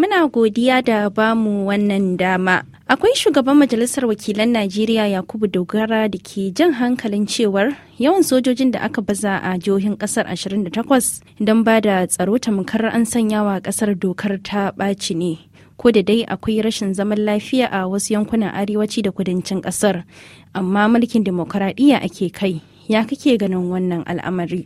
Muna godiya da ba mu wannan dama. Akwai shugaban Majalisar Wakilan Najeriya Yakubu Dogara da ke jan hankalin cewar yawan sojojin da aka baza a jihohin kasar 28 don ba da tsaro tamkar an sanya wa kasar dokar ta ɓaci ne. Ko da dai akwai rashin zaman lafiya a wasu yankunan arewaci da kudancin kasar, amma mulkin dimokuraɗiyya ake kai. Ya kake ganin wannan al'amari?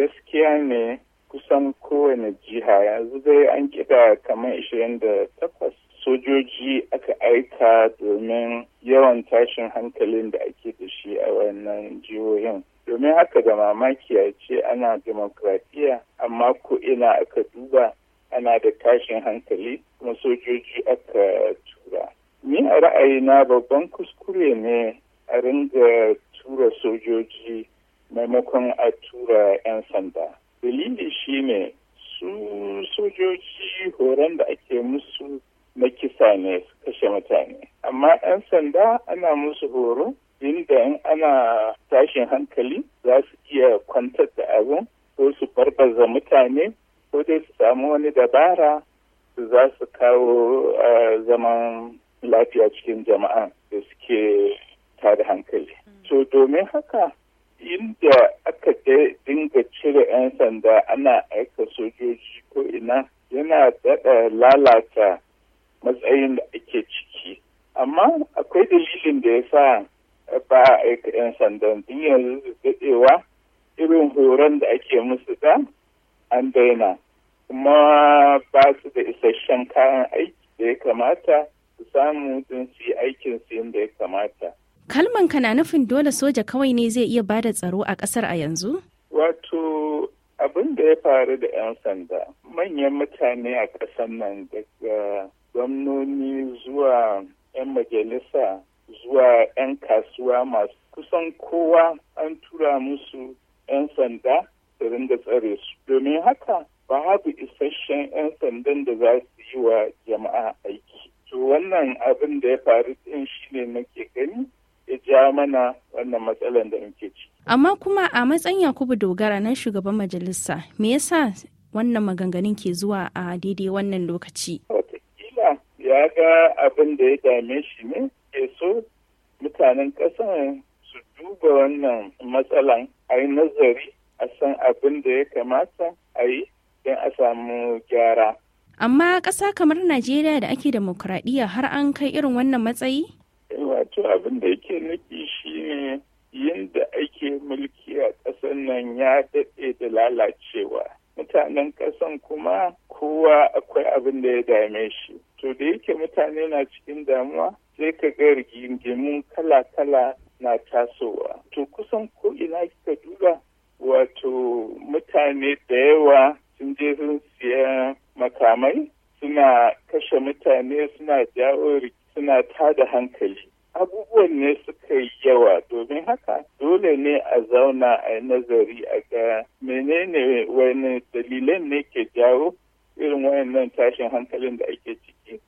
Gaskiya ne kusan kowane jiha yanzu dai an kira kamar ishirin da takwas sojoji aka aika domin yawan tashin hankalin da ake da shi a wannan jihohin domin haka da mamaki a ce ana demokradiyya amma ko ina aka duba ana da tashin hankali kuma sojoji aka tura ni a ra'ayina babban kuskure ne a ringa tura sojoji maimakon a tura 'yan sanda dalili shi ne su sojoji horon da ake musu na kisa ne su kashe mutane amma 'yan sanda ana musu horo inda in ana tashin hankali za su iya kwantar da abin ko su barbaza mutane ko dai su samu wani dabara su za su kawo zaman lafiya cikin jama'a da suke tada hankali. Mm. To domin haka inda aka dinga cire 'yan sanda ana aika sojoji ko ina yana daɗa lalata matsayin da ake ciki amma akwai dalilin da ya sa ba a aika 'yan sandan yanzu daɗewa irin horon da ake musu da an daina kuma ba su da isasshen kayan aiki da ya kamata su samu don su yi aikin su yadda ya kamata kalman ka na nufin dole soja kawai ne zai iya bada tsaro a ƙasar a yanzu? Wato abin da ya faru da 'yan sanda manyan mutane a ƙasar nan daga gwamnoni zuwa 'yan majalisa zuwa 'yan kasuwa masu kusan kowa an tura musu 'yan sanda da ringa tsare su domin haka babu isasshen 'yan sandan da za su yi wa jama'a aiki to wannan abin da ya faru din shine nake gani ya mana wannan matsalar da muke ci. Amma kuma a matsayin Yakubu Dogara na shugaban majalisa, me yasa wannan maganganun ke zuwa a daidai wannan lokaci? Wataƙila ya ga abin da ya dame shi ne, ke so mutanen ƙasar su duba wannan matsalan a yi nazari a san abin da ya kamata a yi don a samu gyara. Amma ƙasa kamar Najeriya da ake demokuraɗiyya har an kai irin wannan matsayi? wato abin da yake nufi ne yadda ake mulki a ƙasar nan ya daɗe da lalacewa mutanen ƙasan kuma kowa akwai abin da ya dame shi to da yake mutane na cikin damuwa sai ka ga rigingimu kala-kala na tasowa to kusan ko ina kika duba wato mutane da yawa sun je sun siya makamai suna kashe mutane suna jawo suna tada hankali abubuwan ne suka yi yawa domin haka dole ne a zauna a nazari a ga menene wani dalilan ne ke jawo irin wayannan tashin hankalin da ake ciki.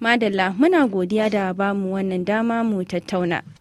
Madalla muna godiya da bamu wannan dama mu tattauna.